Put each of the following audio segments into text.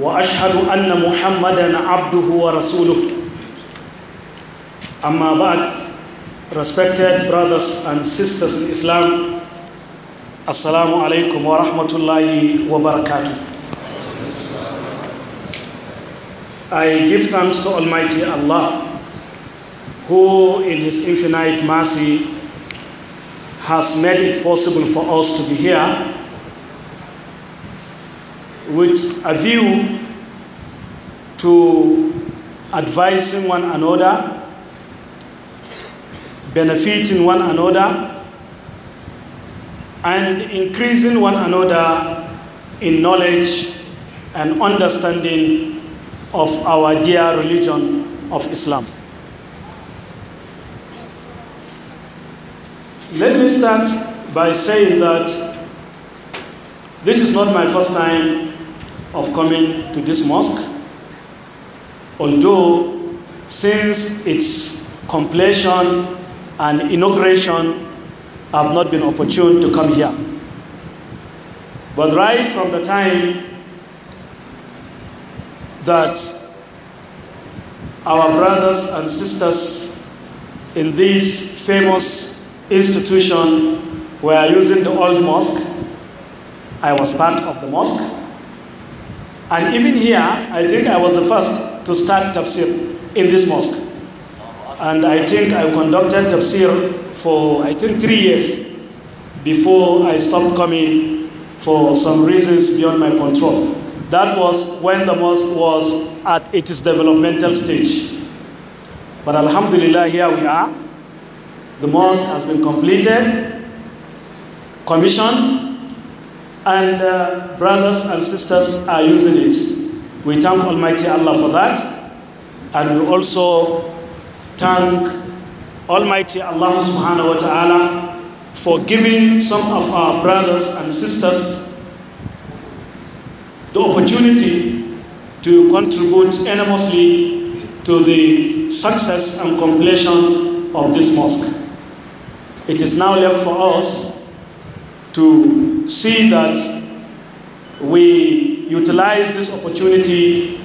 واشهد ان محمدا عبده ورسوله Amma Ba'ad, respected brothers and sisters in Islam, Assalamu alaikum wa rahmatullahi wa barakatuh. I give thanks to Almighty Allah, who in His infinite mercy has made it possible for us to be here with a view to advising one another, benefiting one another, and increasing one another in knowledge and understanding of our dear religion of Islam. Let me start by saying that this is not my first time of coming to this mosque. Although, since its completion and inauguration, I've not been opportune to come here. But right from the time that our brothers and sisters in this famous institution were using the old mosque, I was part of the mosque. And even here, I think I was the first to start tafsir in this mosque. And I think I conducted tafsir for, I think, three years before I stopped coming for some reasons beyond my control. That was when the mosque was at its developmental stage. But Alhamdulillah, here we are. The mosque has been completed, commissioned, and uh, brothers and sisters are using it. We thank Almighty Allah for that, and we also thank Almighty Allah subhanahu wa ta'ala for giving some of our brothers and sisters the opportunity to contribute enormously to the success and completion of this mosque. It is now left for us to see that we utilize this opportunity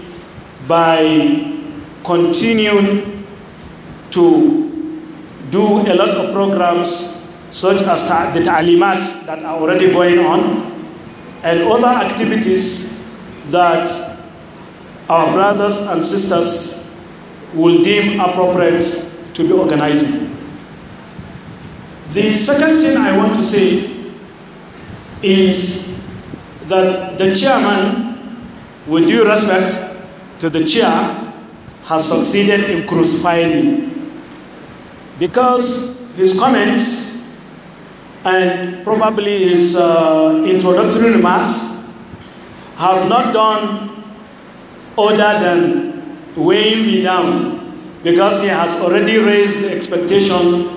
by continuing to do a lot of programs such as the ta'limat that are already going on and other activities that our brothers and sisters will deem appropriate to be organizing. The second thing I want to say is that the chairman, with due respect to the chair, has succeeded in crucifying me. Because his comments and probably his uh, introductory remarks have not done other than weighing me down because he has already raised the expectation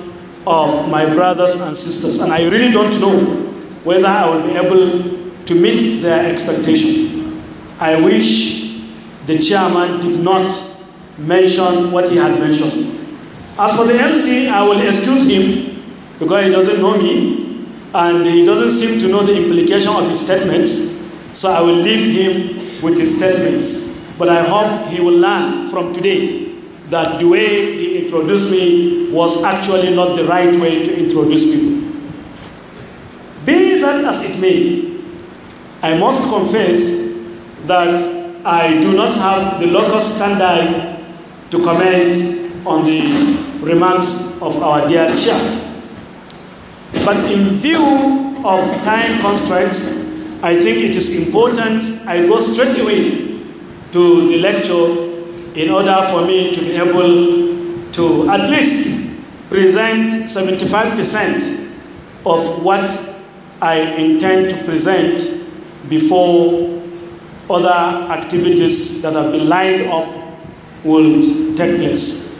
of my brothers and sisters and i really don't know whether I will be able to meet their expectation. I wish the chairman did not mention what he had mentioned. As for the MC, I will excuse him because he doesn't know me and he doesn't seem to know the implication of his statements. So I will leave him with his statements. But I hope he will learn from today that the way he introduced me was actually not the right way to introduce people that as it may, I must confess that I do not have the locus standi to comment on the remarks of our dear chair. But in view of time constraints, I think it is important I go straight away to the lecture in order for me to be able to at least present 75% of what I intend to present before other activities that have been lined up will take place.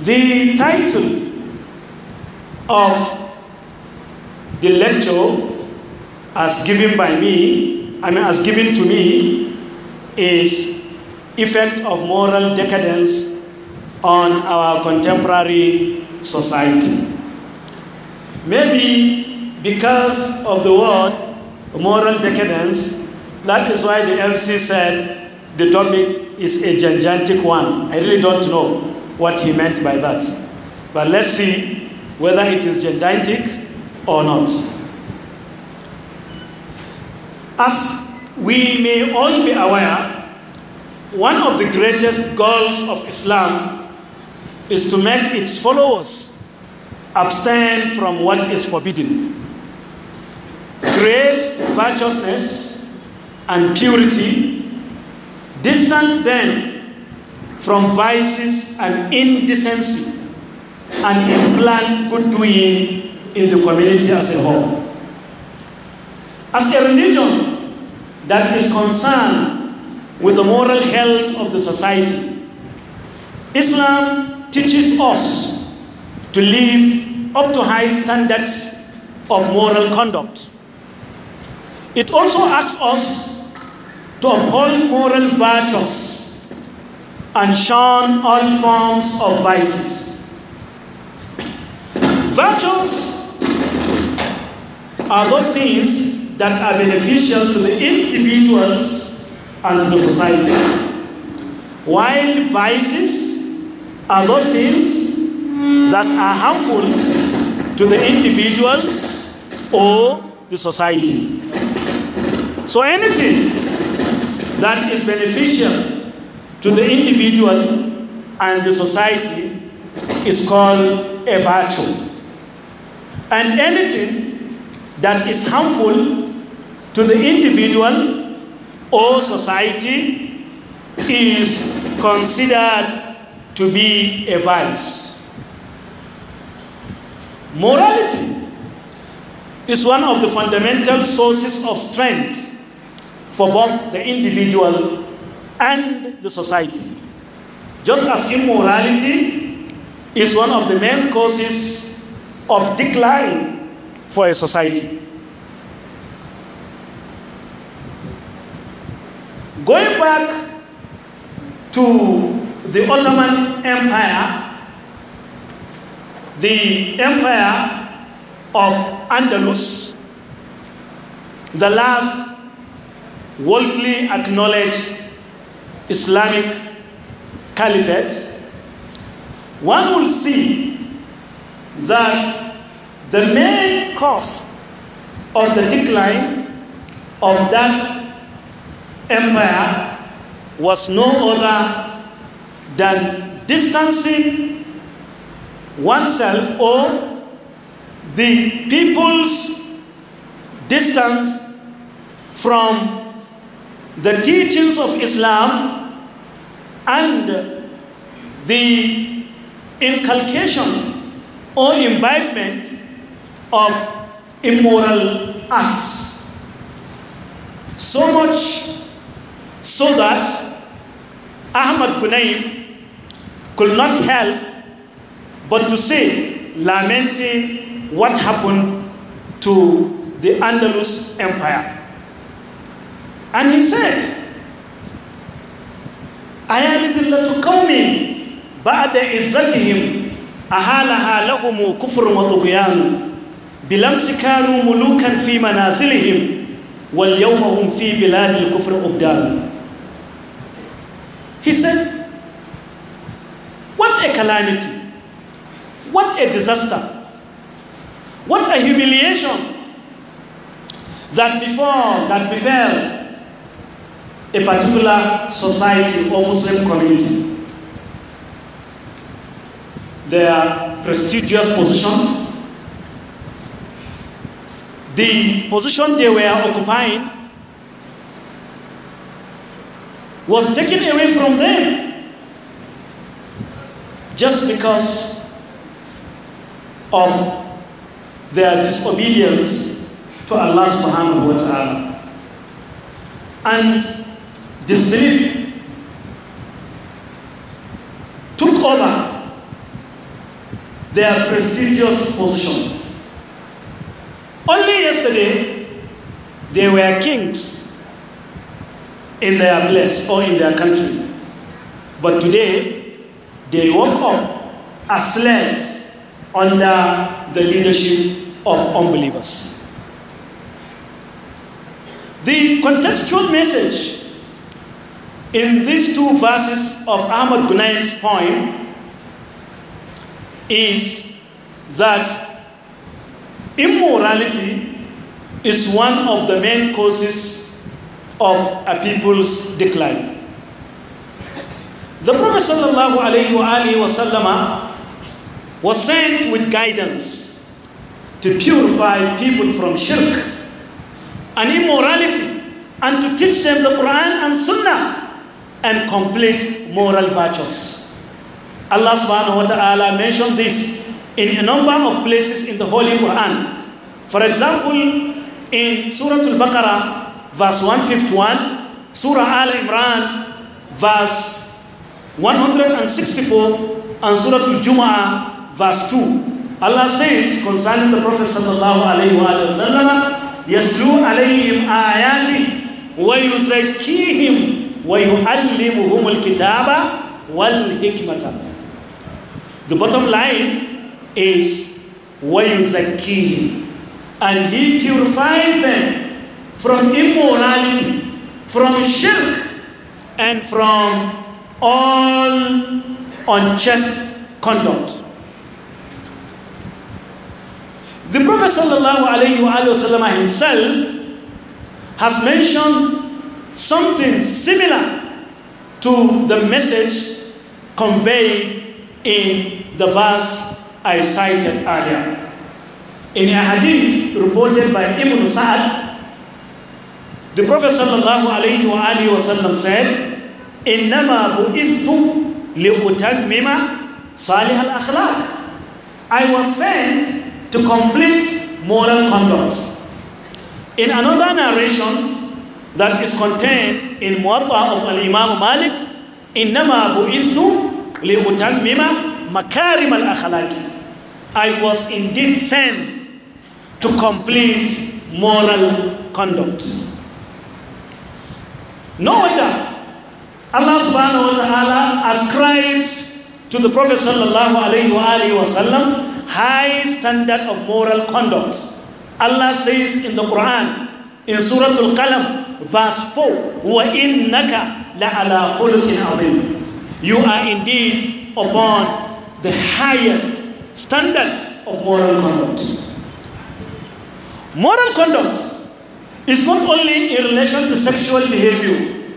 The title of the lecture, as given by me, I mean, as given to me, is Effect of Moral Decadence on Our Contemporary Society. Maybe because of the word moral decadence, that is why the MC said the topic is a gigantic one. I really don't know what he meant by that. But let's see whether it is gigantic or not. As we may all be aware, one of the greatest goals of Islam is to make its followers abstain from what is forbidden great righteousness and purity, distant them from vices and indecency, and implant good doing in the community as a whole. As a religion that is concerned with the moral health of the society, Islam teaches us to live up to high standards of moral conduct it also asks us to uphold moral virtues and shun all forms of vices. Virtues are those things that are beneficial to the individuals and to society, while vices are those things that are harmful to the individuals or the society. So anything that is beneficial to the individual and the society is called a virtue. And anything that is harmful to the individual or society is considered to be a vice. Morality is one of the fundamental sources of strength for both the individual and the society. Just as immorality is one of the main causes of decline for a society. Going back to the Ottoman Empire, the empire of Andalus, the last worldly acknowledged Islamic caliphate, one will see that the main cause of the decline of that empire was no other than distancing oneself or the people's distance from the teachings of Islam and the inculcation or imbibement of immoral acts. So much so that Ahmad Bunaim could not help but to say, lamenting what happened to the Andalus Empire. And he said, أيا لذلة قوم بعد عزتهم أهالها لهم كفر وطغيان بالأمس كانوا ملوكا في منازلهم واليوم هم في بلاد الكفر أبدان He said, What a calamity! What a disaster! What a humiliation that before, that befell a particular society or Muslim community. Their prestigious position, the position they were occupying was taken away from them just because of their disobedience to Allah subhanahu wa ta'ala. And disbelief took over their prestigious position. Only yesterday, they were kings in their place or in their country. But today, they woke up as slaves under the leadership of unbelievers. The contextual message in these two verses of Ahmad Gunaim's poem is that immorality is one of the main causes of a people's decline. The Prophet sallallahu wasallam was sent with guidance to purify people from shirk and immorality and to teach them the Quran and Sunnah and complete moral virtues. Allah subhanahu wa ta'ala mentioned this in a number of places in the Holy Quran. For example, in Surah Al-Baqarah, verse 151, Surah Al-Imran, verse 164, and Surah Al-Jumu'ah, verse 2. Allah says concerning the Prophet sallallahu alayhi wa sallam, يَتْلُو عَلَيْهِمْ آيَاتِهِ وَيُزَكِّيهِمْ وَيُعَلِّمُهُمُ الْكِتَابَ وَالْحِكْمَةَ The bottom line is wa وَيُزَكِّيهِمْ And he purifies them from immorality, from shirk, and from all unjust conduct. The Prophet himself has mentioned something similar to the message conveyed in the verse I cited earlier. In a hadith reported by Ibn Sa'ad, the Prophet sallallahu alayhi wa alayhi wa sallam said, إِنَّمَا بُئِذْتُمْ لِأُتَمِّمَ صَالِحَ الْأَخْلَاقِ I was sent to complete moral conduct. In another narration, that is contained in Muwatta of Al-Imam Malik, li بُئِذْتُ makarim al الْأَخْلَاقِ I was indeed sent to complete moral conduct. No wonder Allah subhanahu wa ta'ala ascribes to the Prophet sallallahu alayhi wa sallam high standard of moral conduct. Allah says in the Quran, in Suratul Qalam, verse 4, وَإِنَّكَ لَعَلَىٰ خُلُقٍ عَظِيمٍ You are indeed upon the highest standard of moral conduct. Moral conduct is not only in relation to sexual behavior,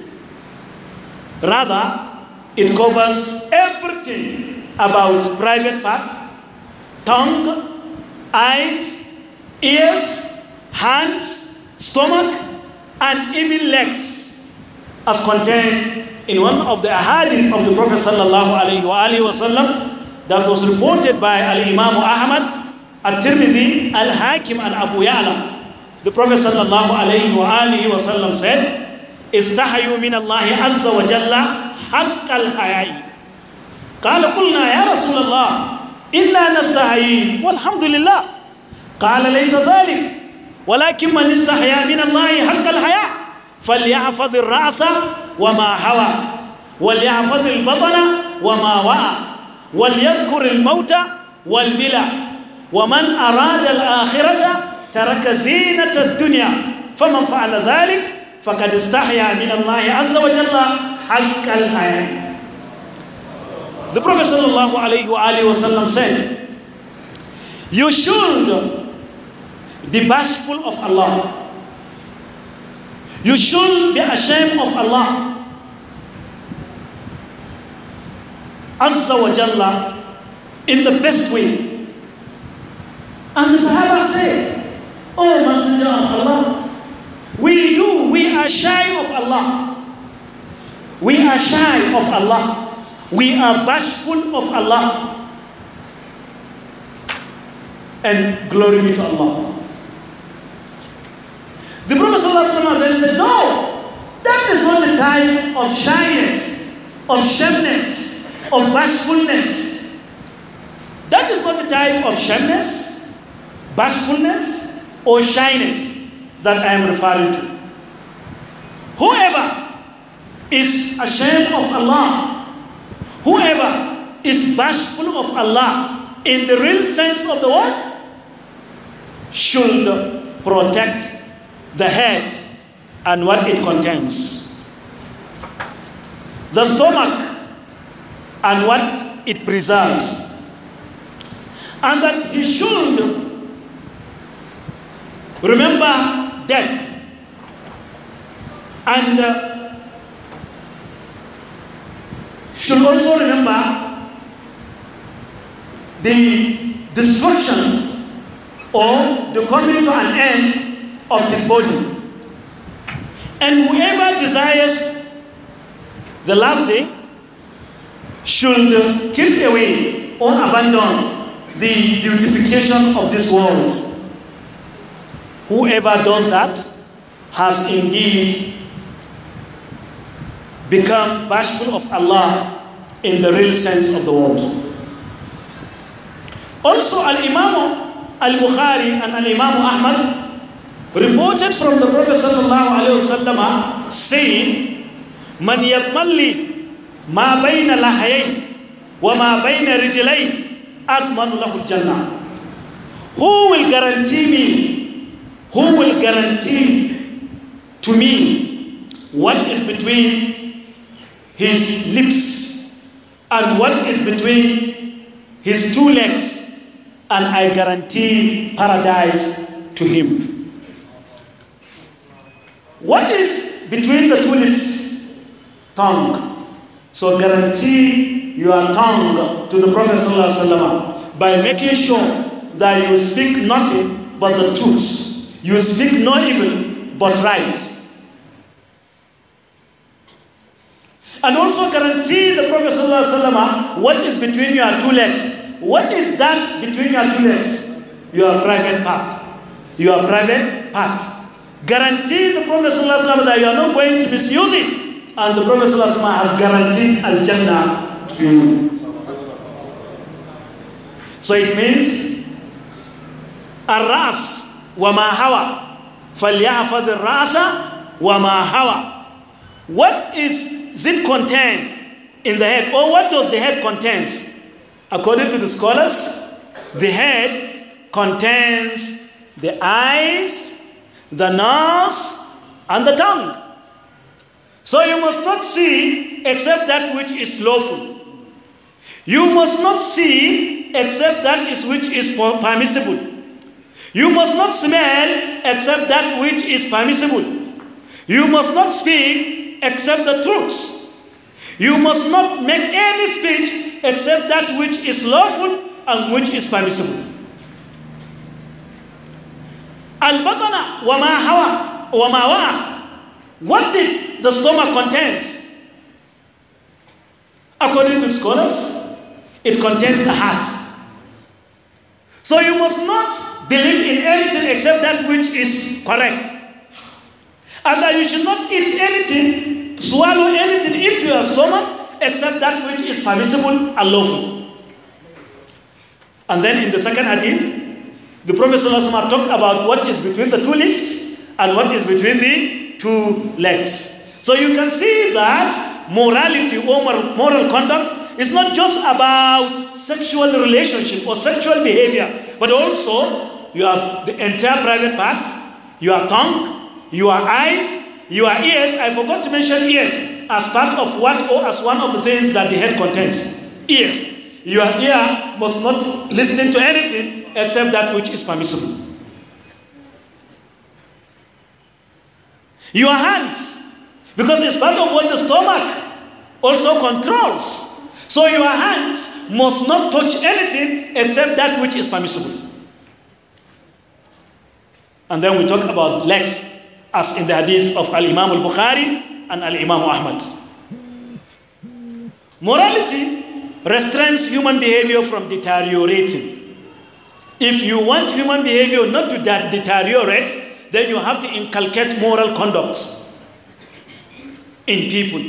rather, it covers everything about private parts, tongue, eyes, ears, hands, stomach, and even legs, as contained in one of the ahadith of the Prophet sallallahu alaihi wasallam that was reported by Al Imam Ahmad, at Tirmidhi, Al Hakim, and Abu Ya'la. The Prophet sallallahu alaihi wasallam said, "Istahayu min Allah azza wa jalla haqq al hayy قال قلنا يا رسول الله إنا نستحيي والحمد لله قال ليس ذلك ولكن من استحيا من الله حق الحياء فليحفظ الرأس وما حوى وليحفظ البطن وما وعى وليذكر الموت والبلى ومن أراد الآخرة ترك زينة الدنيا فمن فعل ذلك فقد استحيا من الله عز وجل حق الحياة The Prophet sallallahu alayhi wa sallam said, You should the bashful of Allah. You should be ashamed of Allah. Azza wa Jalla in the best way. And the Sahaba say, Oh Messenger of Allah, we do, we are shy of Allah. We are shy of Allah. We are bashful of Allah. And glory be to Allah. The Prophet ﷺ then said, No, that is not the time of shyness, of shyness, of bashfulness. That is not the time of shyness, bashfulness, or shyness that I am referring to. Whoever is ashamed of Allah, whoever is bashful of Allah in the real sense of the word, should protect the head, and what it contains, the stomach, and what it preserves, and that he should remember death and uh, should also remember the destruction or the coming to an end of his body. And whoever desires the last day should keep away or abandon the beautification of this world. Whoever does that has indeed become bashful of Allah in the real sense of the word. Also, Al Imam Al Bukhari and Al Imam Ahmad reported from the Prophet saying, من يضمن ma ما بين لحيي wa ma رجلي أضمن له الجنة Who will guarantee me? Who will guarantee to me what is between his lips and what is between his two legs? And I guarantee paradise to him. What is between the two lips? Tongue. So guarantee your tongue to the Prophet by making sure that you speak nothing but the truth. You speak no evil but right. And also guarantee the Prophet what is between your two legs. What is that between your two legs? Your private part. Your private part. Guarantee the Prophet that you are not going to misuse it. And the Prophet has guaranteed Al Jannah to you. So it means, Arras wa mahawa hawa. فَلْيَحْفَظِ الرَّأْسَ وَمَا What is it contained in the head? Or what does the head contains? According to the scholars, the head contains the eyes, the nose, and the tongue. So you must not see except that which is lawful. You must not see except that is which is permissible. You must not smell except that which is permissible. You must not speak except the truths. You must not make any speech except that which is lawful and which is permissible. Al-batana wa ma hawa wa ma wa. What did the stomach contain? According to scholars, it contains the heart. So you must not believe in anything except that which is correct. And that you should not eat anything, swallow anything into your stomach except that which is permissible and lawful. And then in the second hadith, the Prophet talked about what is between the two lips and what is between the two legs. So you can see that morality or moral conduct is not just about sexual relationship or sexual behavior, but also you have the entire private parts, your tongue, your eyes, your ears. I forgot to mention ears as part of what or as one of the things that the head contains. Ears. Your ear must not listen to anything except that which is permissible. Your hands, because it's part of what the stomach also controls. So your hands must not touch anything except that which is permissible. And then we talk about legs, as in the hadith of Al Imam al Bukhari and Al Imam Ahmad. Morality restrains human behavior from deteriorating. If you want human behavior not to deteriorate, then you have to inculcate moral conduct in people.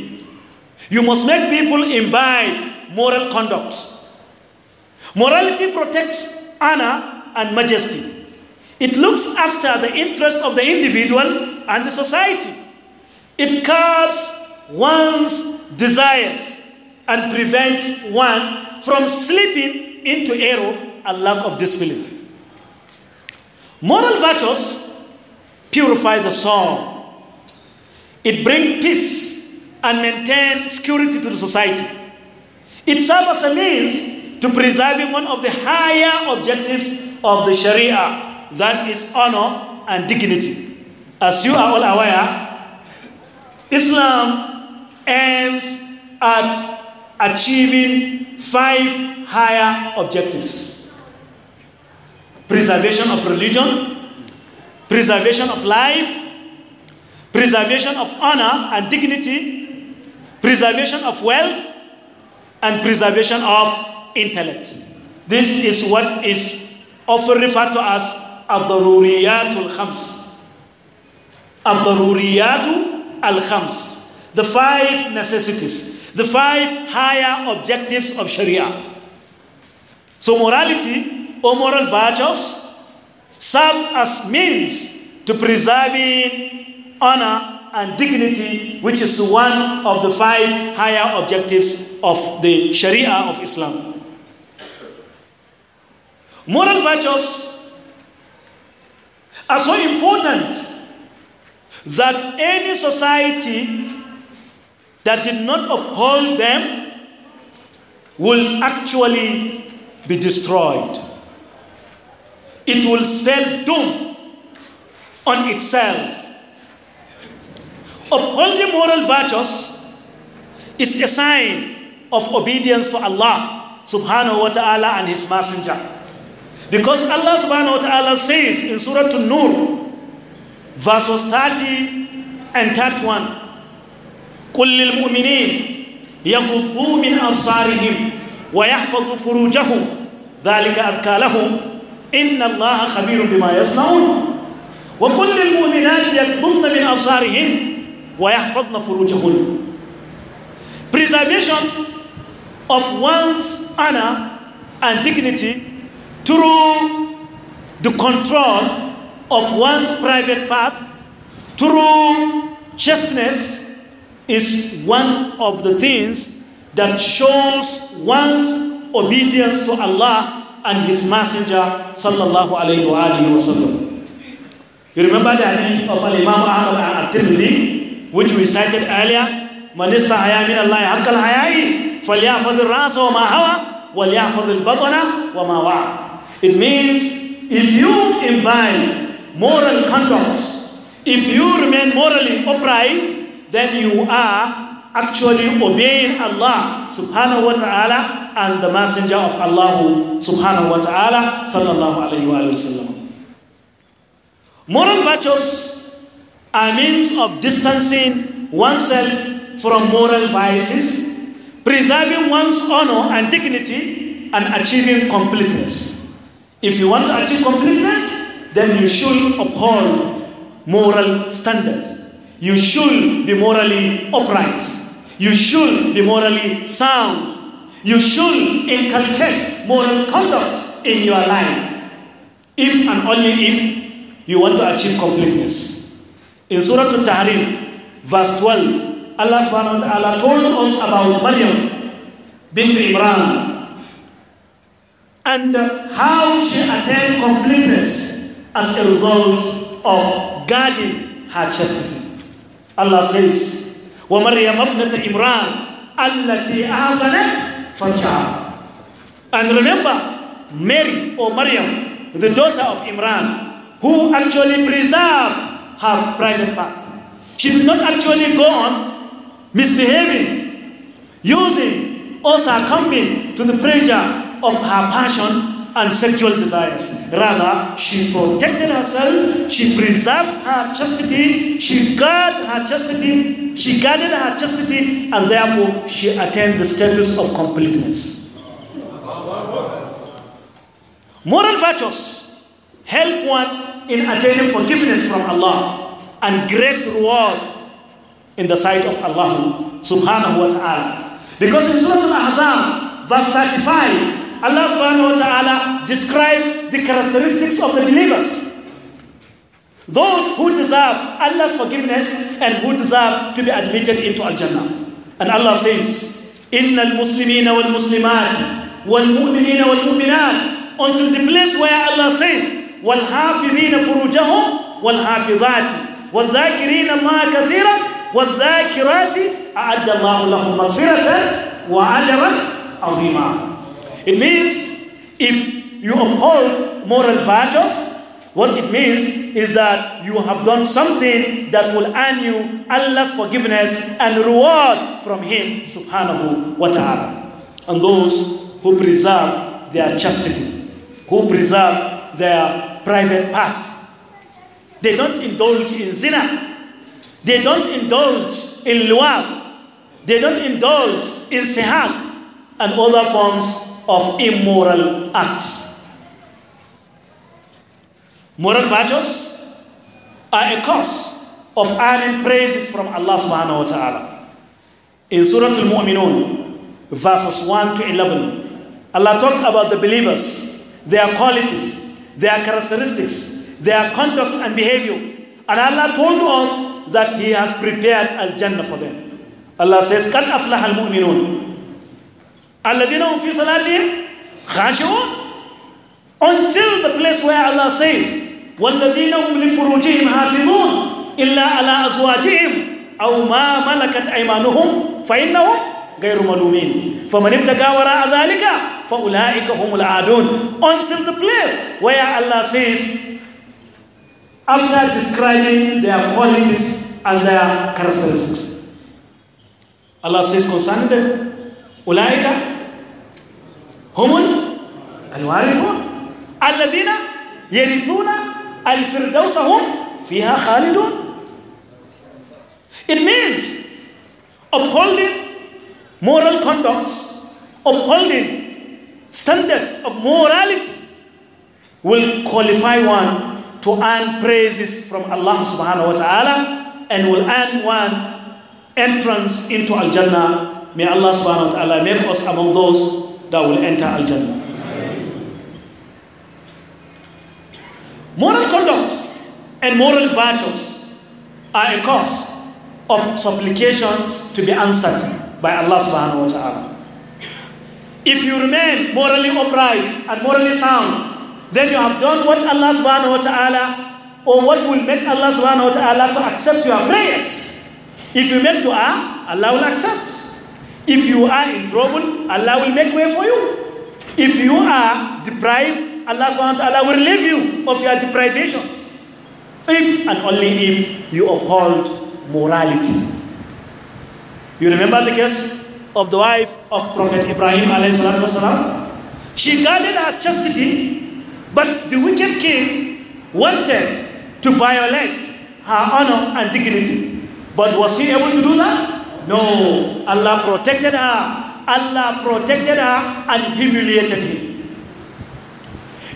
You must make people imbibe moral conduct. Morality protects honor and majesty. It looks after the interest of the individual and the society. It curbs one's desires and prevents one from slipping into error and lack of discipline. Moral virtues purify the soul. It brings peace and maintains security to the society. It serves as a means to preserving one of the higher objectives of the Sharia, that is honor and dignity. As you are all aware, Islam aims at achieving five higher objectives preservation of religion, preservation of life, preservation of honor and dignity, preservation of wealth, and preservation of intellect. This is what is often referred to as Abdaruliyatul Khams. Abdaruriyatul Al Khams. The five necessities the five higher objectives of Sharia. So, morality or moral virtues serve as means to preserving honor and dignity, which is one of the five higher objectives of the Sharia of Islam. Moral virtues are so important that any society that did not uphold them will actually be destroyed. It will spell doom on itself. Upholding moral virtues is a sign of obedience to Allah subhanahu wa ta'ala and His Messenger. Because Allah subhanahu wa ta'ala says in Surah An-Nur, verses 30 and 31, قل للمؤمنين يغضوا من أبصارهم ويحفظوا فروجهم ذلك أذكى لهم إن الله خبير بما يصنعون وقل للمؤمنات يغضن من أبصارهن ويحفظن فروجهن Preservation of one's honor and dignity through the control of one's private path, through chasteness, is one of the things that shows one's obedience to Allah and His Messenger sallallahu alayhi wa You remember the hadith of Imam Ahmad al-Tirmidhi which we cited earlier من استحيا من الله حق الحياء فليحفظ الرأس وما هوى وليحفظ البطن وما وعى It means if you imbibe moral conduct, if you remain morally upright, then you are actually obeying Allah subhanahu wa ta'ala and the messenger of Allah subhanahu wa ta'ala sallallahu alayhi wa sallam. Moral virtues are means of distancing oneself from moral vices, preserving one's honor and dignity, and achieving completeness. If you want to achieve completeness, then you should uphold moral standards. You should be morally upright. You should be morally sound. You should inculcate moral conduct in your life. If and only if you want to achieve completeness. In Surah Al-Tahrim, verse 12, Allah subhanahu wa ta'ala told us about Maryam bint Imran and how she attained completeness as a result of guarding her chastity. Allah says, وَمَرْيَمَ ابْنَةَ إِمْرَانَ الَّتِي أَحْسَنَتْ فَرْجَهَا And remember, Mary or Maryam, the daughter of Imran, who actually preserved her private part. She did not actually go on misbehaving, using or succumbing to the pressure of her passion and sexual desires. Rather, she protected herself, she preserved her chastity, she guarded her chastity, she guarded her chastity, and therefore she attained the status of completeness. Moral virtues help one in attaining forgiveness from Allah and great reward in the sight of Allah subhanahu wa ta'ala. Because in Surah Al-Ahzab, verse 35, Allah subhanahu wa ta'ala described the characteristics of the believers. Those who deserve Allah's forgiveness and who deserve to be admitted into Al-Jannah. And Allah says, إِنَّ الْمُسْلِمِينَ وَالْمُسْلِمَاتِ وَالْمُؤْمِنِينَ وَالْمُؤْمِنَاتِ Until the place where Allah says, وَالْحَافِظِينَ فُرُوجَهُمْ وَالْحَافِظَاتِ وَالذَّاكِرِينَ اللَّهَ كَثِيرًا وَالذَّاكِرَاتِ أَعَدَّ اللَّهُ لَهُمْ مَغْفِرَةً وَأَجْرًا عَظِيمًا it means if you uphold moral values, what it means is that you have done something that will earn you Allah's forgiveness and reward from Him subhanahu wa ta'ala. And those who preserve their chastity, who preserve their private parts, they don't indulge in zina, they don't indulge in luwab, they don't indulge in sihak and other forms of immoral acts. Moral virtues are a cause of earning praises from Allah subhanahu wa ta'ala. In Surah Al-Mu'minun, verses 1 to 11, Allah talked about the believers, their qualities, their characteristics, their conduct and behavior. And Allah told us that He has prepared Al-Jannah for them. Allah says, الذين هم في صلاتهم خاشعون until the place where Allah says والذين هم لفروجهم حافظون إلا على أزواجهم أو ما ملكت أيمانهم فإنهم غير ملومين فمن ابتغى وراء ذلك فأولئك هم العادون until the place where Allah says after describing their qualities and their characteristics Allah says concerning them أولئك هم الوارثون الذين يرثون الفردوس هم فيها خالدون It means upholding moral conduct, upholding standards of morality will qualify one to earn praises from Allah subhanahu wa ta'ala and will earn one entrance into Al-Jannah May Allah subhanahu wa ta'ala make us among those that will enter Al Jannah. Moral conduct and moral virtues are a cause of supplications to be answered by Allah subhanahu wa ta'ala. If you remain morally upright and morally sound, then you have done what Allah subhanahu wa ta'ala or what will make Allah subhanahu wa ta'ala to accept your prayers. If you make dua, Allah will accept. If you are in trouble, Allah will make way for you. If you are deprived, Allah subhanahu will relieve you of your deprivation. If and only if you uphold morality. You remember the case of the wife of Prophet Ibrahim She guarded her chastity, but the wicked king wanted to violate her honor and dignity. But was he able to do that? No, Allah protected her. Allah protected her and humiliated him.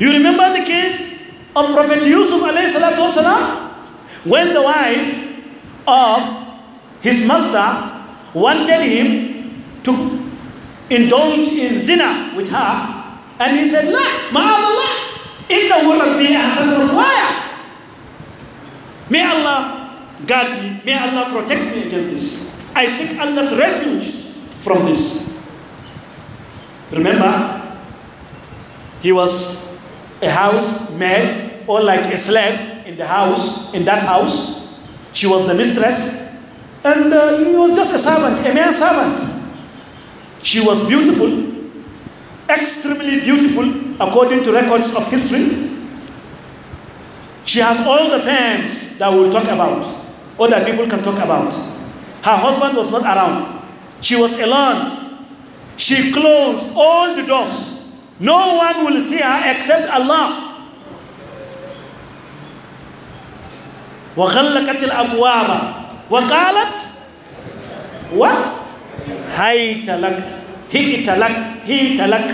You remember the case of Prophet Yusuf when the wife of his master wanted him to indulge in zina with her, and he said, La, ma'adallah, inna ربي May Allah guard me, may Allah protect me against this. I seek Allah's refuge from this. Remember, he was a house maid or like a slave in the house, in that house. She was the mistress, and uh, he was just a servant, a mere servant. She was beautiful, extremely beautiful, according to records of history. She has all the fans that we'll talk about, or that people can talk about. Her husband was not around. She was alone. She closed all the doors. No one will see her except Allah. وغلقت الأبواب وقالت what هيت لك هيت لك هيت لك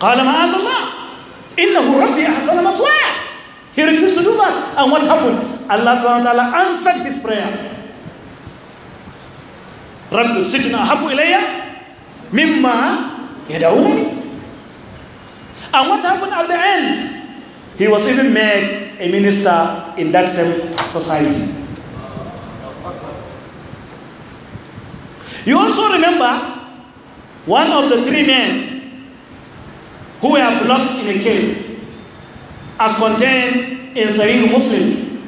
قال معاذ الله إنه ربي أحسن مصواي he refused to do that. And what happened? Allah subhanahu wa ta'ala answered his prayer. رد السجن أحب إلي مما يدعونني And what happened at the end? He was even made a minister in that same society. You also remember one of the three men who were blocked in a cave as contained in Sahih Muslim.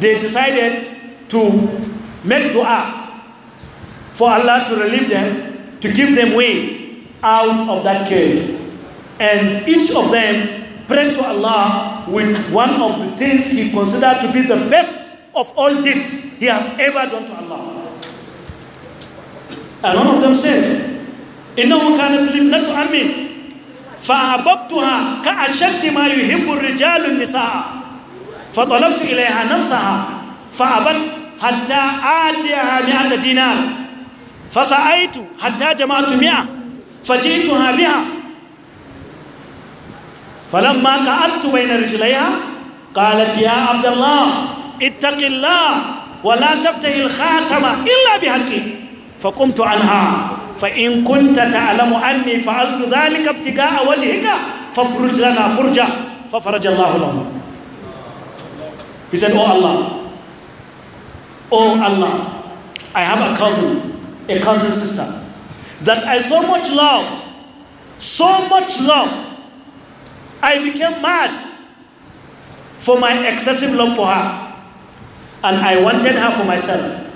They decided to make dua for Allah to relieve them, to give them way out of that cave. And each of them prayed to Allah with one of the things he considered to be the best of all deeds he has ever done to Allah. And one of them said, إنه كانت لبنة عمي فأحببتها كأشد ما يحب الرجال النساء فطلبت إليها نفسها فأبت حتى آتيها مئة دينار فسعيت حتى جمعت مئة فجئتها بها فلما قعدت بين رجليها قالت يا عبد الله اتق الله ولا تفتح الخاتم إلا بحقه فقمت عنها فإن كنت تعلم أني فعلت ذلك ابتغاء وجهك فافرج لنا فرجة ففرج الله له He said, Oh Allah, Oh Allah, I have a cousin, a cousin sister, that I so much love, so much love, I became mad for my excessive love for her. And I wanted her for myself.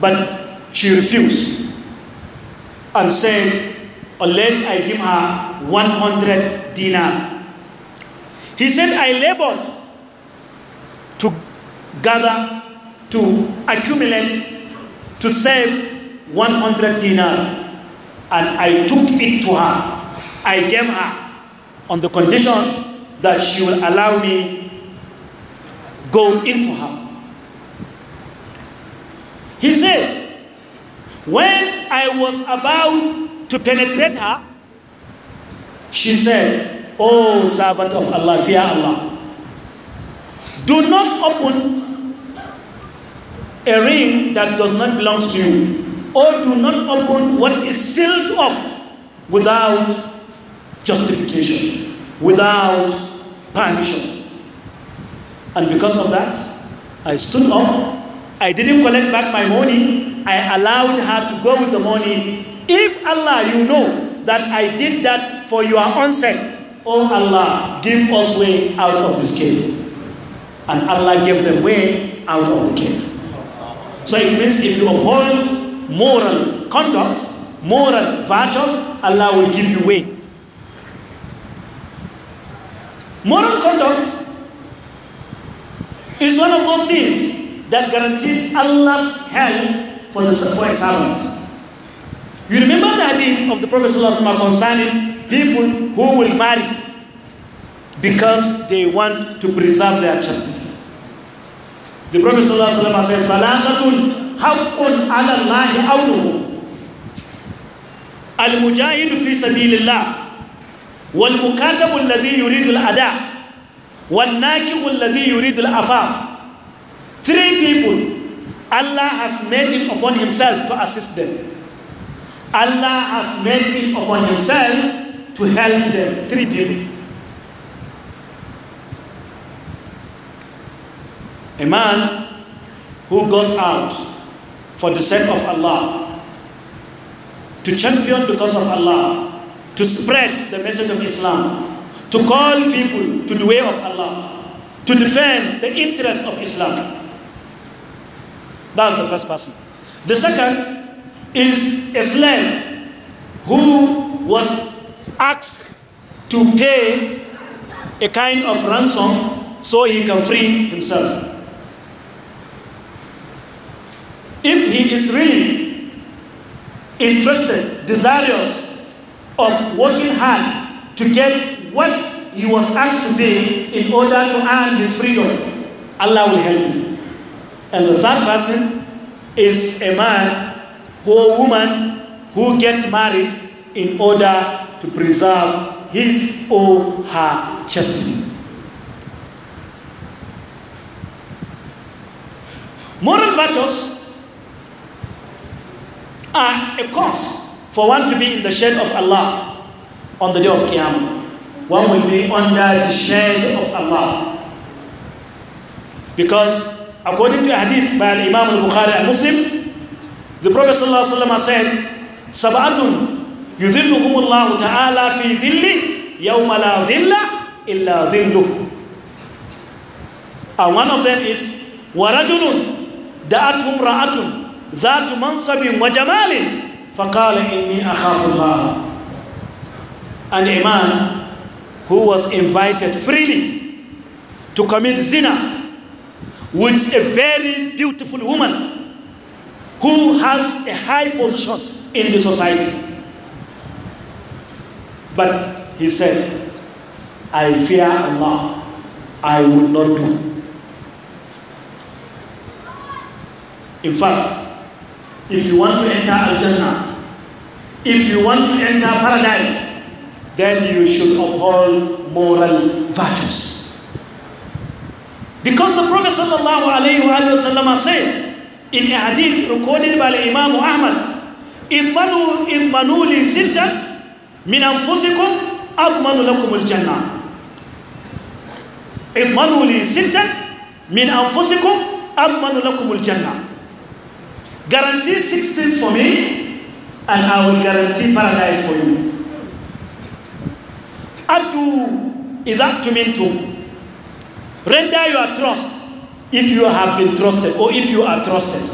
But she refused. and said, Unless I give her 100 dinar. He said, I labored to gather, to accumulate, to save 100 dinar. And I took it to her. I gave her on the condition that she will allow me go into her. He said, when I was about to penetrate her, she said, Oh, servant of Allah, fear Allah, do not open a ring that does not belong to you, or do not open what is sealed up without justification, without permission. And because of that, I stood up. I didn't collect back my money I allowed her to go with the money. If Allah, you know that I did that for your onset, oh Allah, give us way out of this cave. And Allah gave them way out of the cave. So it means if you uphold moral conduct, moral virtues, Allah will give you way. Moral conduct is one of those things that guarantees Allah's help for the support servants. You remember the hadith of the Prophet concerning people who will marry because they want to preserve their chastity. The Prophet said, Salafatun, how on Allah, how Al Mujahid fi sabilillah, wal mukatabul ladhi yuridul ada, wal nakibul ladhi yuridul afaf. Three people Allah has made it upon himself to assist them. Allah has made it upon himself to help them. Three people. A man who goes out for the sake of Allah, to champion cause of Allah, to spread the message of Islam, to call people to the way of Allah, to defend the interests of Islam. That's the first person. The second is a slave who was asked to pay a kind of ransom so he can free himself. If he is really interested, desirous of working hard to get what he was asked to pay in order to earn his freedom, Allah will help him. And the third person is a man or woman who gets married in order to preserve his or her chastity. Moral virtues are a cause for one to be in the shade of Allah on the day of Qiyamah. One will be under the shade of Allah. Because According to a hadith by al Imam al Bukhari and Muslim, the Prophet ﷺ said, Sabatun yudhilluhumullahu ta'ala fi dhilli yawma la dhilla illa dhilluh. And one of them is وَرَجُلٌ دَعَتْهُمْ رَأَتٌ ذَاتُ مَنْصَبٍ وَجَمَالٍ فَقَالَ إِنِّي أَخَافُ اللَّهَ And a man who was invited freely to commit zina with a very beautiful woman who has a high position in the society. But he said, I fear Allah, I would not do. In fact, if you want to enter Al Jannah, if you want to enter paradise, then you should uphold moral virtues. Because the Prophet ﷺ said in a hadith recorded by Imam Ahmad, اضمنوا اضمنوا لي ستا من انفسكم اضمن لكم الجنه اضمنوا لي ستا من انفسكم اضمن لكم الجنه guarantee six things for me and i will guarantee paradise for you ادوا اذا اؤتمنتم Render your trust if you have been trusted or if you are trusted.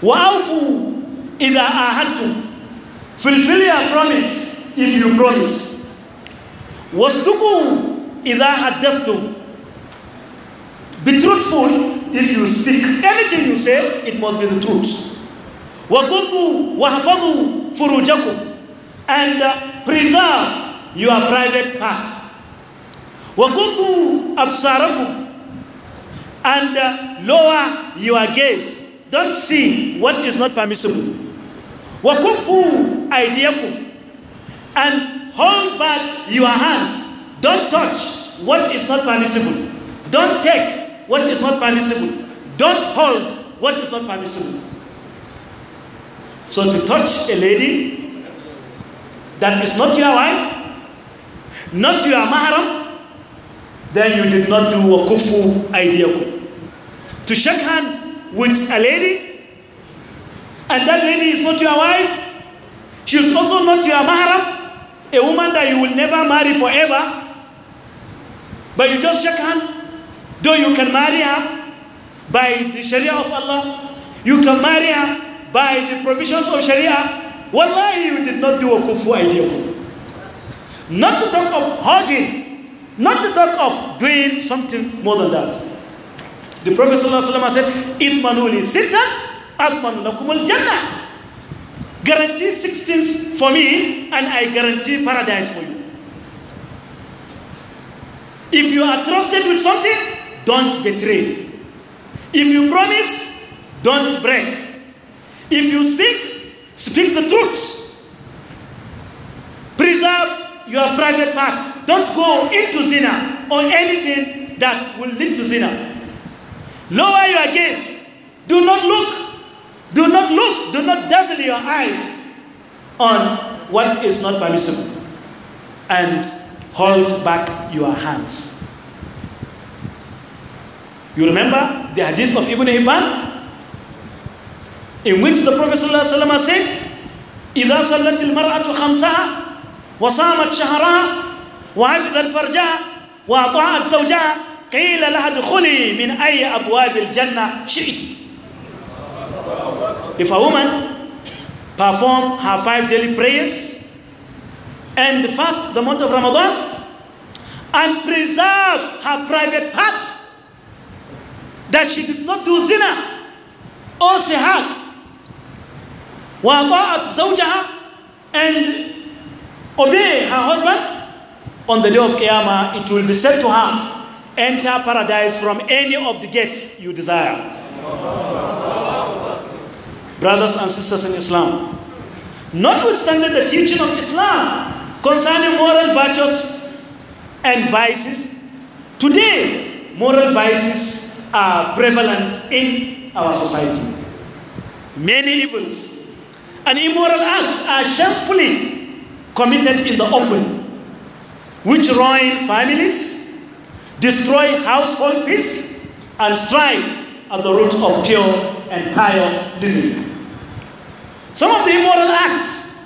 وَأَوْفُوا إِذَا أَهَدْتُمْ Fulfill your promise if you promise. وَاسْتُقُوا إِذَا حَدَّثْتُمْ Be truthful if you speak. Anything you say, it must be the truth. وَقُبُّوا وَحَفَظُوا furujaku And uh, preserve your private parts. وَكُبُّوا أَبْصَارَكُمْ And uh, lower your gaze. Don't see what is not permissible. وَكُفُّوا أَيْدِيَكُمْ And hold back your hands. Don't touch what is not permissible. Don't take what is not permissible. Don't hold what is not permissible. So to touch a lady that is not your wife, not your mahram, then you did not do wakufu aydiyakum. To shake hand with a lady, and that lady is not your wife, she is also not your mahram, a woman that you will never marry forever, but you just shake hand, though you can marry her by the Sharia of Allah, you can marry her by the provisions of Sharia. Wallahi, you did not do a kufu Not to talk of hugging not to talk of doing something more than that. The Prophet ﷺ said, Itmanuli sita, atmanulakumul jannah. Guarantee six things for me, and I guarantee paradise for you. If you are trusted with something, don't betray. If you promise, don't break. If you speak, speak the truth. Preserve your private parts. Don't go into zina or anything that will lead to zina. Lower your gaze. Do not look. Do not look. Do not dazzle your eyes on what is not permissible. And hold back your hands. You remember the hadith of Ibn Hibban? In which the Prophet ﷺ said, إذا صلت المرأة خمسها وصامت شهرها وعزت فرجها وأطاعت زوجها قيل لها ادخلي من أي أبواب الجنة شئت If a woman perform her five daily prayers and fast the month of Ramadan and preserve her private part that she did not do zina or sihak وأطاعت زوجها and obey her husband, on the day of Qiyamah, it will be said to her, Enter paradise from any of the gates you desire. Brothers and sisters in Islam, notwithstanding the teaching of Islam concerning moral virtues and vices, today moral vices are prevalent in our society. Many evils and immoral acts are shamefully committed in the open, which ruin families, destroy household peace, and strike at the root of pure and pious living. Some of the immoral acts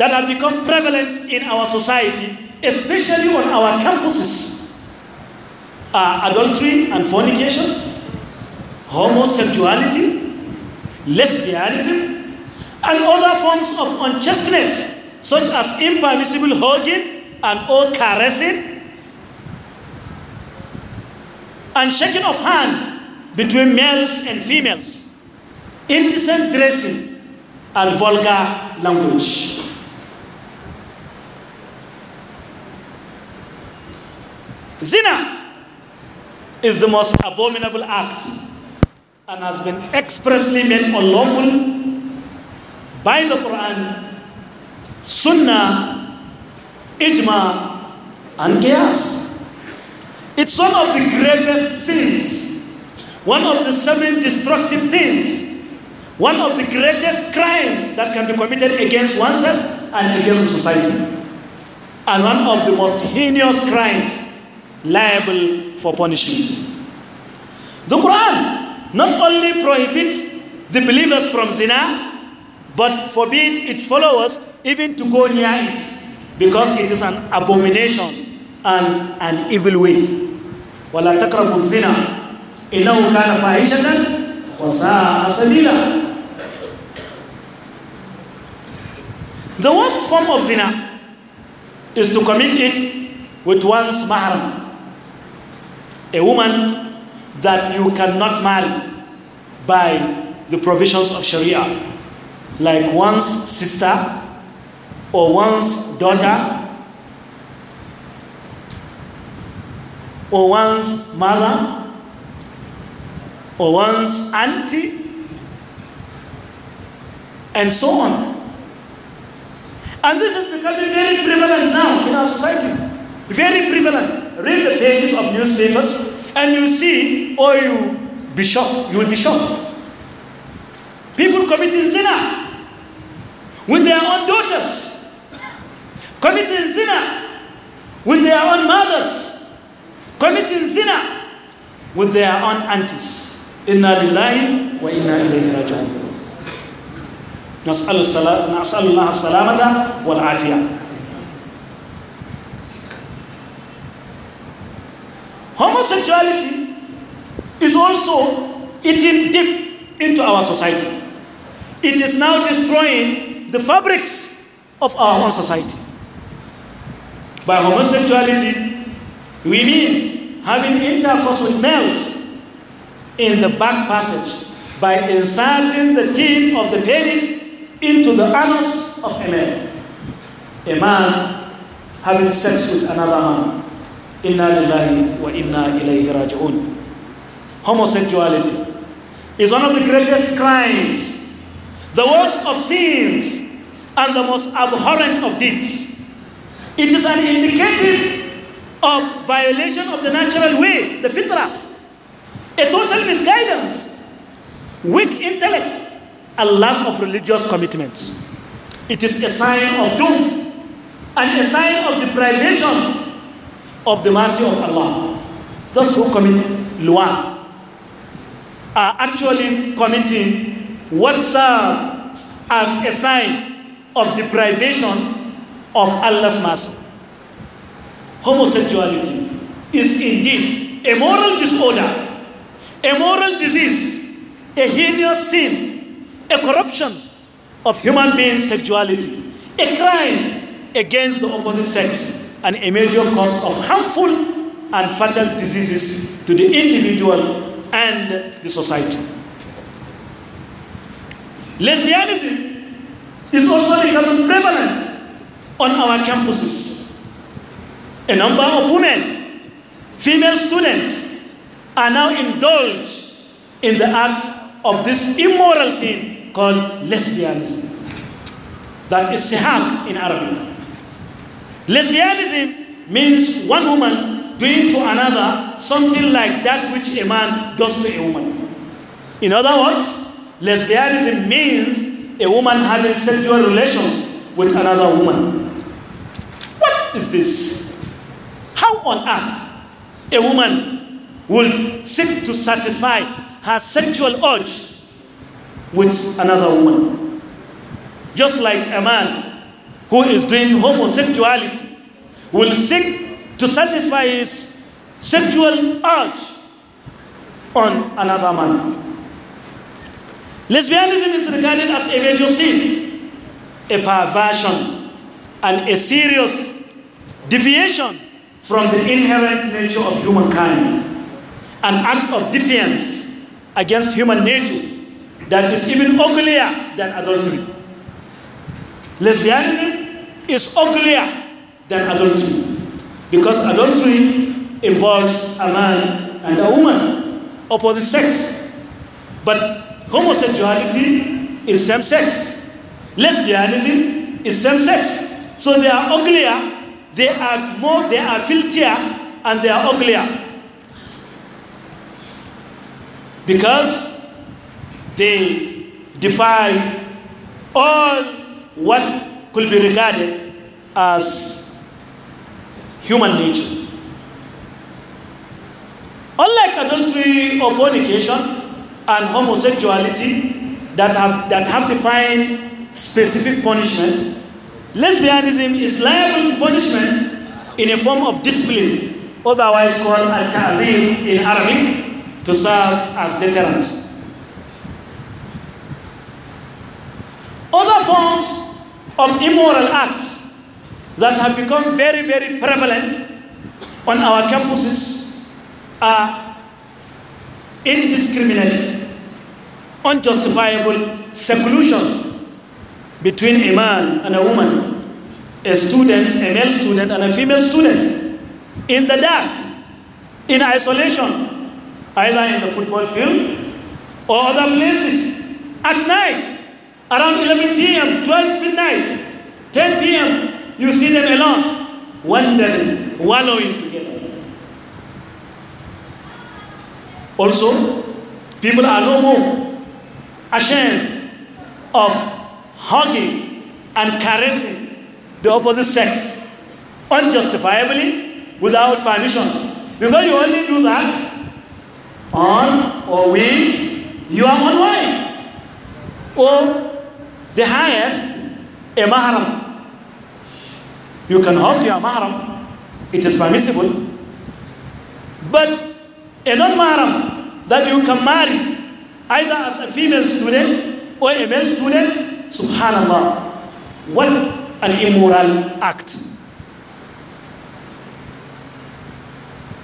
that have become prevalent in our society, especially on our campuses, are adultery and fornication, homosexuality, lesbianism, and other forms of unchasteness such as impermissible hugging and all caressing, and shaking of hand between males and females, indecent dressing, and vulgar language. Zina is the most abominable act and has been expressly made unlawful by the Quran Sunnah, Ijma, and Qiyas. It's one of the greatest sins, one of the seven destructive things, one of the greatest crimes that can be committed against oneself and against society, and one of the most heinous crimes liable for punishment. The Quran not only prohibits the believers from zina, but forbid its followers even to go near it, because it is an abomination and an evil way. ولا تقربوا الزنا إنه كان فاحشة وساء سبيلا The worst form of zina is to commit it with one's mahram, a woman that you cannot marry by the provisions of Sharia, like one's sister or one's daughter or one's mother or one's auntie and so on. And this is becoming very prevalent now in our society. Very prevalent. Read the pages of newspapers and you see or oh, you be shocked. You will be shocked. People committing zina with their own daughters committing zina with their own mothers, committing zina with their own aunties. Inna lillahi wa inna ilayhi raji'un. نسأل السلام نسأل الله السلامة والعافية. Homosexuality is also eating deep into our society. It is now destroying the fabrics of our own society. By homosexuality, we mean having intercourse with males in the back passage by inserting the tip of the penis into the anus of a man. A man having sex with another man. Inna lillahi wa inna ilayhi raji'un. Homosexuality is one of the greatest crimes, the worst of sins, and the most abhorrent of deeds. It is an indicator of violation of the natural way, the fitra A total misguidance, weak intellect, a lack of religious commitment. It is a sign of doom and a sign of deprivation of the mercy of Allah. Those who commit luwa are actually committing what serves as a sign of deprivation of Allah's mercy. Homosexuality is indeed a moral disorder, a moral disease, a heinous sin, a corruption of human being sexuality, a crime against the opposite sex, and a major cause of harmful and fatal diseases to the individual and the society. Lesbianism is also becoming prevalent on our campuses. A number of women, female students, are now indulged in the act of this immoral thing called lesbianism. That is sihab in Arabic. Lesbianism means one woman doing to another something like that which a man does to a woman. In other words, lesbianism means a woman having sexual relations with another woman. What is this? How on earth a woman will seek to satisfy her sexual urge with another woman? Just like a man who is doing homosexuality will seek to satisfy his sexual urge on another man. Lesbianism is regarded as a major sin a perversion and a serious deviation from the inherent nature of humankind, an act of defiance against human nature that is even uglier than adultery. Lesbianism is uglier than adultery because adultery involves a man and a woman, opposite sex, but homosexuality is same sex. lesbianism is same sex. So they are uglier, they are more, they are filthier, and they are uglier. Because they defy all what could be regarded as human nature. Unlike adultery or fornication and homosexuality that have, that have defined specific punishment, lesbianism is liable to punishment in a form of discipline, otherwise called al ta'zim in Arabic, to serve as deterrence. Other forms of immoral acts that have become very, very prevalent on our campuses are indiscriminate, unjustifiable seclusion between a man and a woman, a student, a male student, and a female student in the dark, in isolation, either in the football field or other places, at night, around 11 p.m., 12 midnight, 10 p.m., you see them alone, wandering, wallowing together. Also, people are no more ashamed of hugging and caressing the opposite sex unjustifiably without permission. Because you only do that on or with your own wife or the highest, a mahram. You can hug your mahram, it is permissible. But a non mahram that you can marry either as a female student or a male student Subhanallah. What an immoral act.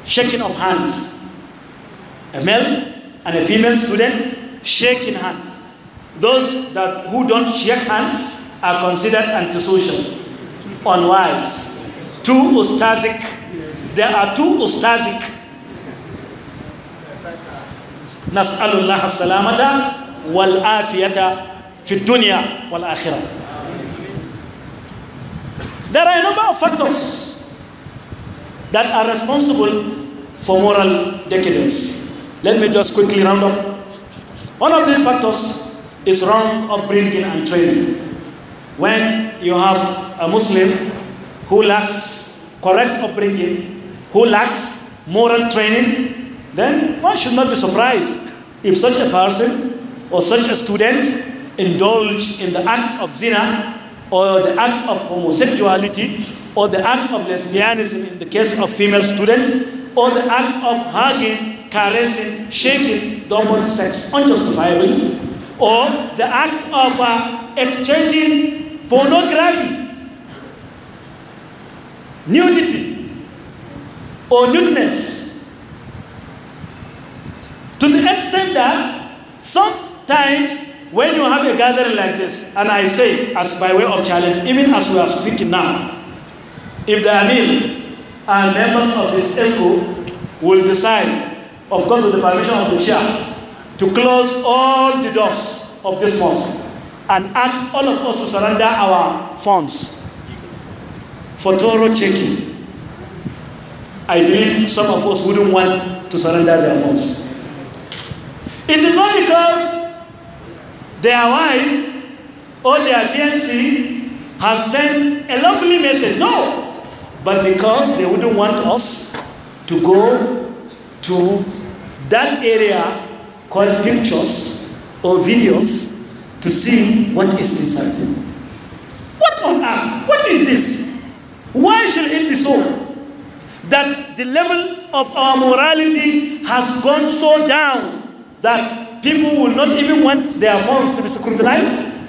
Shaking of hands. A male and a female student shaking hands. Those that who don't shake hands are considered antisocial, unwise, too ustazic. There are two ustazic. نسأل الله السلامة والعافية there are a number of factors that are responsible for moral decadence. Let me just quickly round up. One of these factors is wrong upbringing and training. When you have a Muslim who lacks correct upbringing, who lacks moral training, then one should not be surprised if such a person or such a student indulge in the act of zina or the act of homosexuality or the act of lesbianism in the case of female students or the act of hugging, caressing, shaking double sex unjustifiably or the act of uh, exchanging pornography, nudity, or nudeness. To the extent that sometimes When you have a gathering like this, and I say, as by way of challenge, even as we are speaking now, if the Amir and members of this ESCO will decide, of course, with the permission of the chair, to close all the doors of this mosque and ask all of us to surrender our funds for thorough checking, I believe some of us wouldn't want to surrender their funds. It is not because Their wife or their fiancé has sent a lovely message. No! But because they wouldn't want us to go to that area called pictures or videos to see what is inside What on earth? What is this? Why should it be so? That the level of our morality has gone so down that People will not even want their phones to be scrutinized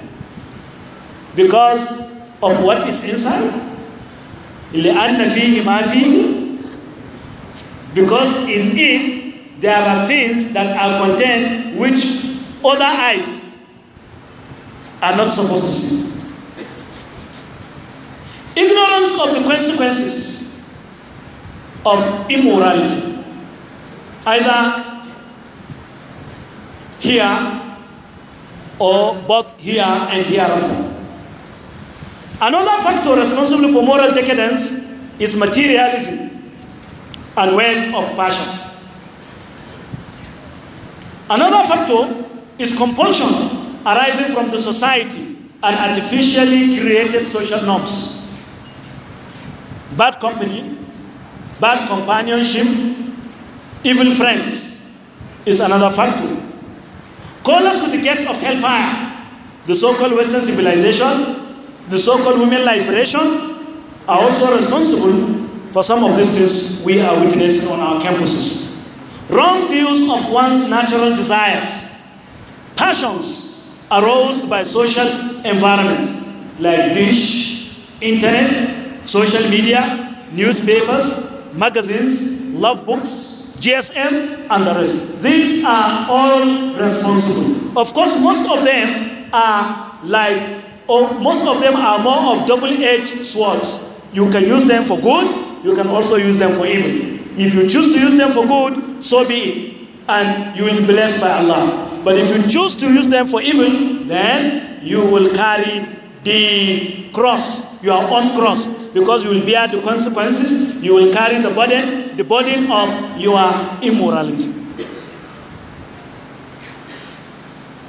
because of what is inside. لأن فيه ما because in it there are things that are contained which other eyes are not supposed to see. Ignorance of the consequences of immorality, either here or both here and hereafter. Another factor responsible for moral decadence is materialism and ways of fashion. Another factor is compulsion arising from the society and artificially created social norms. Bad company, bad companionship, evil friends is another factor. Call us to the gate of hellfire. The so called Western civilization, the so called women liberation are also responsible for some of these things we are witnessing on our campuses. Wrong use of one's natural desires, passions aroused by social environments like dish, internet, social media, newspapers, magazines, love books, GSM, and the rest. These are all responsible. Of course, most of them are like, or oh, most of them are more of double edged swords. You can use them for good, you can also use them for evil. If you choose to use them for good, so be it, and you will be blessed by Allah. But if you choose to use them for evil, then you will carry the cross your own cross because you will bear the consequences, you will carry the burden, the burden of your immorality.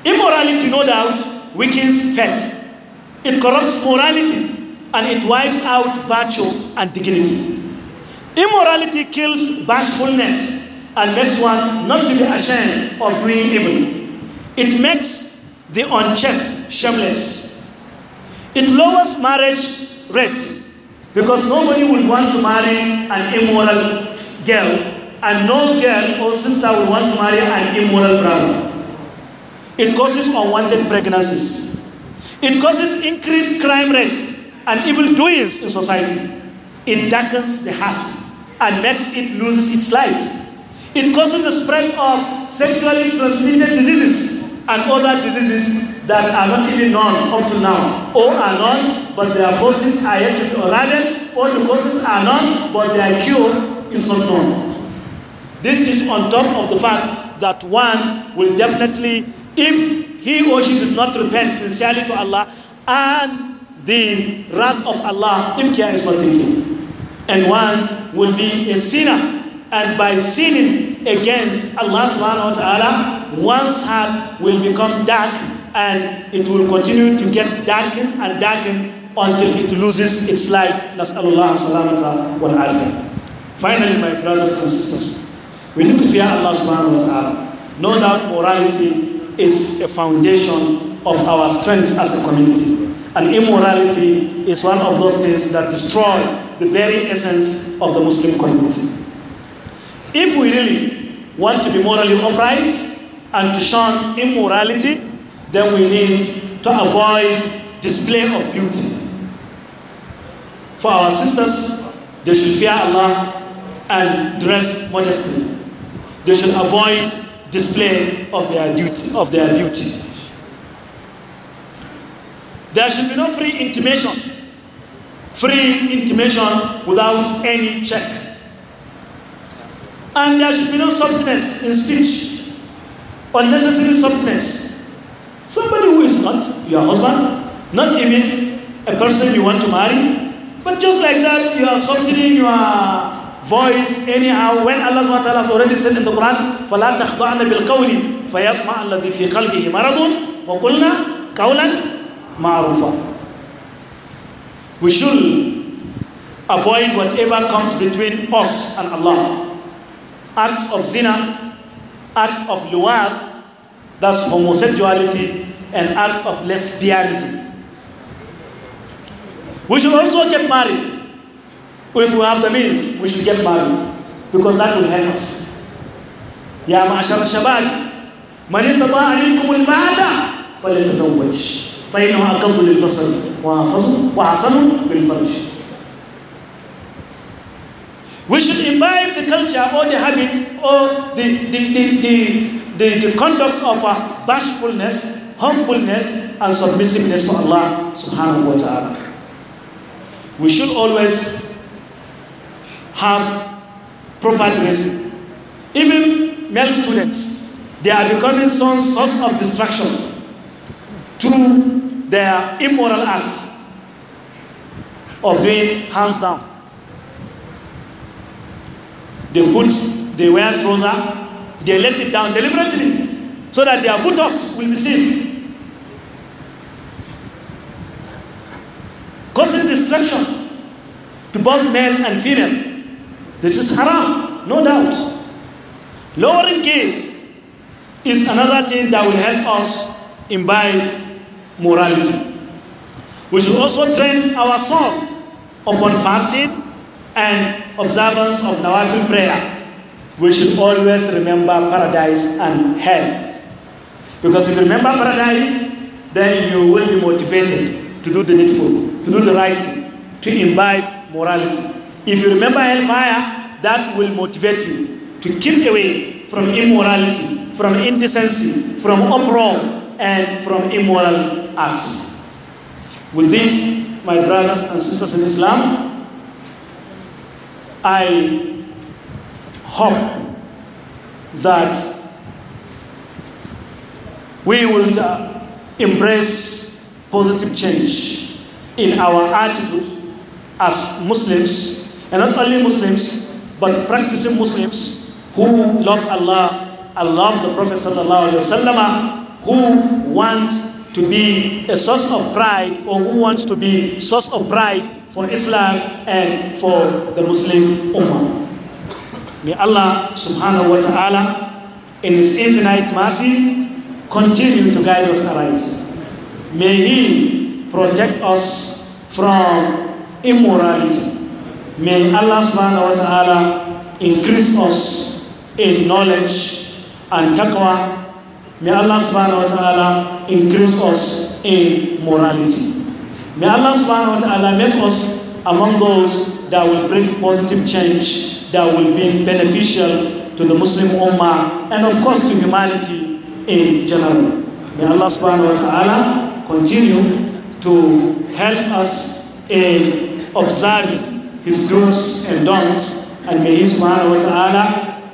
Immorality, no doubt, weakens faith. It corrupts morality and it wipes out virtue and dignity. Immorality kills bashfulness and makes one not to be ashamed of doing evil. It makes the unchaste shameless It lowers marriage rates because nobody will want to marry an immoral girl, and no girl or sister will want to marry an immoral brother. It causes unwanted pregnancies. It causes increased crime rates and evil doings in society. It darkens the heart and makes it lose its light. It causes the spread of sexually transmitted diseases and other diseases that are not even known up to now, all are known, but their causes are yet to be unraveled, or the causes are known, but their cure is not known. This is on top of the fact that one will definitely, if he or she did not repent sincerely to Allah, and the wrath of Allah, if care is not taken. And one will be a sinner and by sinning against Allah subhanahu wa ta'ala, one's heart will become dark and it will continue to get darkened and darkened until it loses its light. salamata Finally, my brothers and sisters, we need to fear Allah subhanahu wa ta'ala. No doubt morality is a foundation of our strength as a community. And immorality is one of those things that destroy the very essence of the Muslim community. If we really want to be morally upright and to shun immorality, then we need to avoid display of beauty. For our sisters, they should fear Allah and dress modestly. They should avoid display of their beauty. Of their beauty. There should be no free intimation. Free intimation without any check. And there should be no softness in speech. Unnecessary softness Somebody who is not your husband, not even a person you want to marry, but just like that, you are softening your voice anyhow when Allah subhanahu wa ta'ala has already said in the Quran فَلَا تَخْضَعْنَ بِالْقَوْلِ فَيَطْمَعَ الَّذِي فِي قَلْبِهِ مَرَضٌ وَقُلْنَا قَوْلًا مَعْرُوفًا We should avoid whatever comes between us and Allah. Acts of zina, act of luwad, that's homosexuality, and act of lesbianism. We should also get married. If we have the means, we should get married. Because that will help us. يا معشر الشباب من استطاع منكم البعثة فليتزوج فإنه أقل للبصر وأحفظ وأحسن بالفرج We should imbibe the culture or the habits or the, the, the, the, the, the conduct of uh, bashfulness, humbleness, and submissiveness to Allah subhanahu wa ta'ala. We should always have proper dressing. Even male students, they are becoming some source of distraction through their immoral acts of doing hands down. They put, they wear trousers They let it down deliberately so that their buttocks will be seen. Causing destruction to both male and female. This is haram, no doubt. Lowering gaze is another thing that will help us imbibe morality. We should also train our soul upon fasting and observance of Nawafil prayer. we should always remember paradise and hell. Because if you remember paradise, then you will be motivated to do the needful, to do the right to imbibe morality. If you remember hellfire, that will motivate you to keep away from immorality, from indecency, from uproar, and from immoral acts. With this, my brothers and sisters in Islam, I hope that we will uh, embrace positive change in our attitude as Muslims, and not only Muslims, but practicing Muslims who love Allah and love the Prophet وسلم, who want to be a source of pride or who wants to be source of pride for Islam and for the Muslim Ummah. May Allah subhanahu wa ta'ala in His infinite mercy continue to guide us arise. May He protect us from immorality. May Allah subhanahu wa ta'ala increase us in knowledge and taqwa. May Allah subhanahu wa ta'ala increase us in morality. May Allah subhanahu wa ta'ala make us among those that will bring positive change that will be beneficial to the Muslim Ummah and of course to humanity in general. May Allah subhanahu wa ta'ala continue to help us in observing his do's and don'ts and may His subhanahu wa ta'ala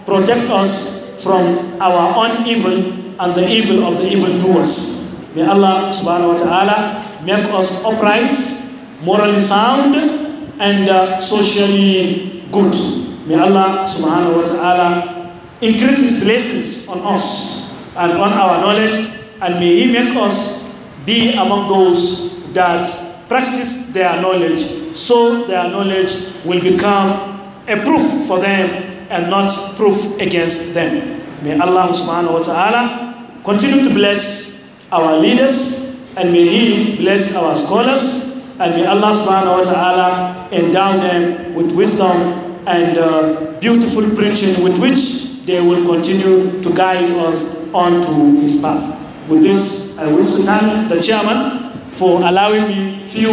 protect us from our own evil and the evil of the evil doers. May Allah subhanahu wa ta'ala make us upright, morally sound, and uh, socially good. May Allah subhanahu wa ta'ala increase His blessings on us and on our knowledge, and may He make us be among those that practice their knowledge so their knowledge will become a proof for them and not proof against them. May Allah subhanahu wa ta'ala continue to bless our leaders and may He bless our scholars and may Allah subhanahu wa ta'ala endow them with wisdom and uh, beautiful preaching with which they will continue to guide us onto His path. With this, I wish to thank the chairman for allowing me few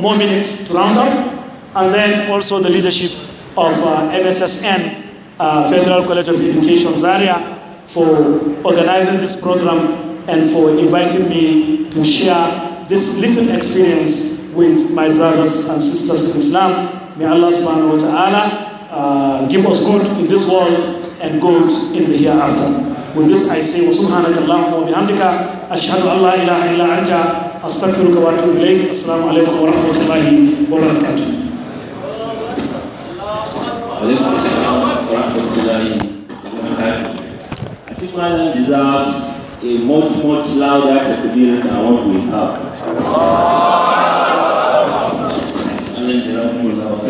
more minutes to round up, and then also the leadership of uh, MSSN, uh, Federal College of Education Zaria, for organizing this program and for inviting me to share this little experience with my brothers and sisters in Islam. May Allah subhanahu wa ta'ala uh, give us good in this world and good in the hereafter. With this I say, وسبحانك اللهم وبحمدك أشهد أن إله إلا أنت أستغفرك وأتوب إليك السلام عليكم ورحمة الله وبركاته. وعليكم السلام ورحمة الله وبركاته. I think deserves a much, much louder testimony than what we have.